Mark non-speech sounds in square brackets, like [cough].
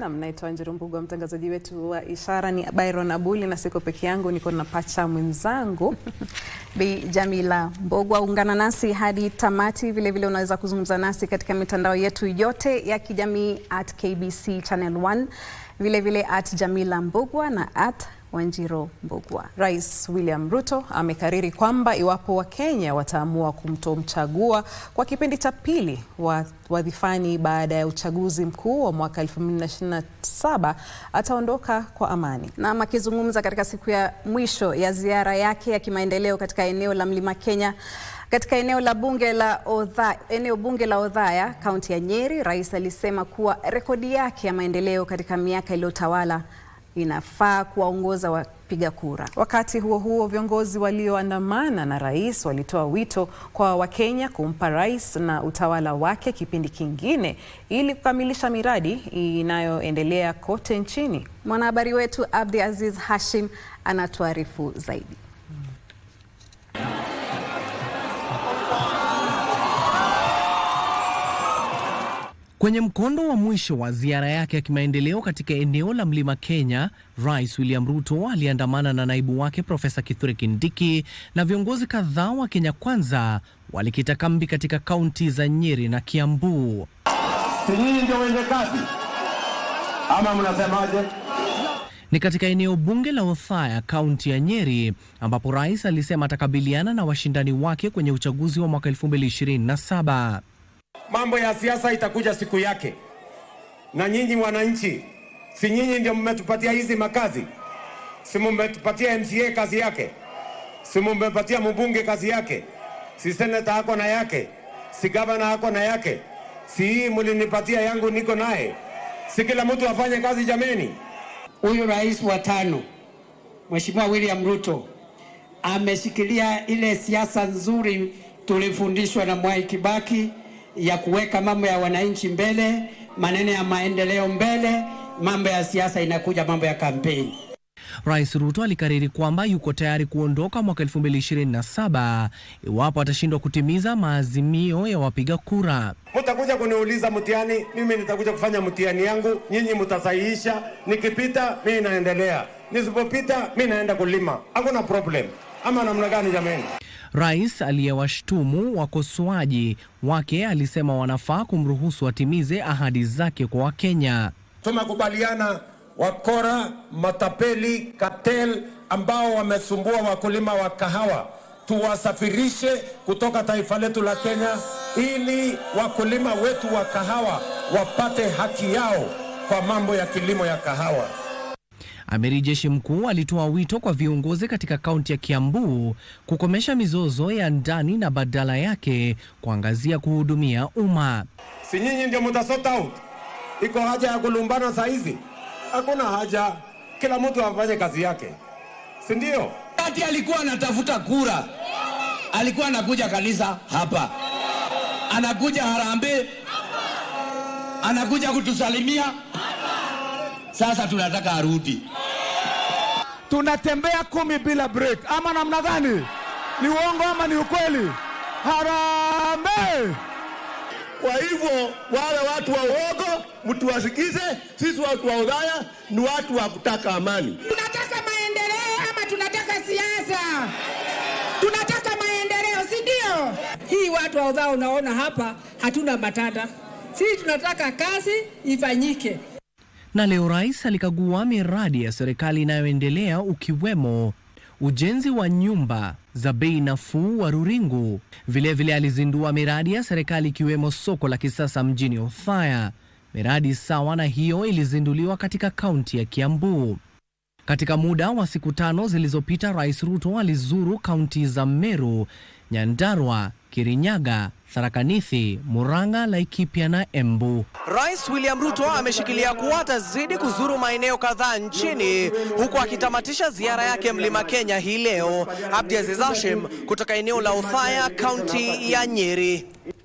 Nam, naitwa Anjero Mbugua, mtangazaji wetu wa Ishara ni Byron Abuli na siko peke yangu, niko na pacha mwenzangu [laughs] Bi Jamila Mbogwa. Ungana nasi hadi tamati. Vilevile vile unaweza kuzungumza nasi katika mitandao yetu yote ya kijamii at KBC Channel 1, vilevile at Jamila Mbogwa na at Wanjiro Mbugua. Rais William Ruto amekariri kwamba iwapo Wakenya wataamua kumtomchagua kwa kipindi cha pili wadhifani baada ya uchaguzi mkuu wa mwaka 2027 ataondoka kwa amani. Naam, akizungumza katika siku ya mwisho ya ziara yake ya kimaendeleo katika eneo la Mlima Kenya katika eneo la bunge la Odha, eneo bunge la Odhaya, kaunti ya Nyeri, rais alisema kuwa rekodi yake ya maendeleo katika miaka iliyotawala inafaa kuwaongoza wapiga kura. Wakati huo huo, viongozi walioandamana na rais walitoa wito kwa Wakenya kumpa rais na utawala wake kipindi kingine ili kukamilisha miradi inayoendelea kote nchini. Mwanahabari wetu Abdi Aziz Hashim anatuarifu zaidi. Kwenye mkondo wa mwisho wa ziara yake ya kimaendeleo katika eneo la Mlima Kenya, Rais William Ruto aliandamana na naibu wake Profesa Kithure Kindiki na viongozi kadhaa wa Kenya Kwanza walikita kambi katika kaunti za Nyeri na Kiambu. Sinyinyi ndio wende kazi ama mnasemaje? Ni katika eneo bunge la Othaya kaunti ya Nyeri ambapo rais alisema atakabiliana na washindani wake kwenye uchaguzi wa mwaka 2027. Mambo ya siasa itakuja siku yake, na nyinyi wananchi, si nyinyi ndio mmetupatia hizi makazi? Si mmetupatia MCA kazi yake? Si mmepatia mbunge kazi yake? Si seneta hako na yake? Si gavana hako na yake? Si hii mlinipatia yangu, niko naye. Si kila mtu afanye kazi jameni. Huyu rais wa tano Mheshimiwa William Ruto ameshikilia ile siasa nzuri tulifundishwa na Mwai Kibaki ya kuweka mambo ya wananchi mbele, maneno ya maendeleo mbele, mambo ya siasa inakuja, mambo ya kampeni. Rais Ruto alikariri kwamba yuko tayari kuondoka mwaka 2027 iwapo atashindwa kutimiza maazimio ya wapiga kura. Mtakuja kuniuliza mtihani, mimi nitakuja kufanya mtihani yangu, nyinyi mtasahihisha. Nikipita mimi naendelea, nisipopita mimi naenda kulima. Hakuna problem ama namna gani, jamani? Rais aliyewashtumu wakosoaji wake alisema wanafaa kumruhusu atimize ahadi zake kwa Wakenya. Tumekubaliana wakora, matapeli, katel ambao wamesumbua wakulima wa kahawa tuwasafirishe kutoka taifa letu la Kenya ili wakulima wetu wa kahawa wapate haki yao kwa mambo ya kilimo ya kahawa. Amiri Jeshi Mkuu alitoa wito kwa viongozi katika kaunti ya Kiambu kukomesha mizozo ya ndani na badala yake kuangazia kuhudumia umma. Si nyinyi ndio mtasort out? Iko haja ya kulumbana saa hizi? Hakuna haja, kila mtu afanye kazi yake, si ndio? Kati alikuwa anatafuta kura, alikuwa anakuja kanisa hapa, anakuja harambee anakuja kutusalimia. Sasa tunataka arudi tunatembea kumi bila break, ama namna gani? Ni uongo ama ni ukweli? Harambe! Kwa hivyo wale watu wa uongo mtuwasikize. Sisi watu wa udhaya ni watu wa kutaka amani. Tunataka maendeleo ama tunataka siasa? Tunataka maendeleo, si ndio? Hii watu wa udhaya, unaona hapa hatuna matata, sisi tunataka kazi ifanyike. Na leo rais alikagua miradi ya serikali inayoendelea ukiwemo ujenzi wa nyumba za bei nafuu wa Ruringu. Vilevile alizindua miradi ya serikali ikiwemo soko la kisasa mjini Othaya. Miradi sawa na hiyo ilizinduliwa katika kaunti ya Kiambu. Katika muda wa siku tano zilizopita, Rais Ruto alizuru kaunti za Meru, Nyandarua, Kirinyaga, Tharaka Nithi, Murang'a, Laikipia na Embu. Rais William Ruto ameshikilia kuwa atazidi kuzuru maeneo kadhaa nchini huku akitamatisha ziara yake Mlima Kenya hii leo. Abdiaziz Hashim kutoka eneo la Othaya, kaunti ya Nyeri.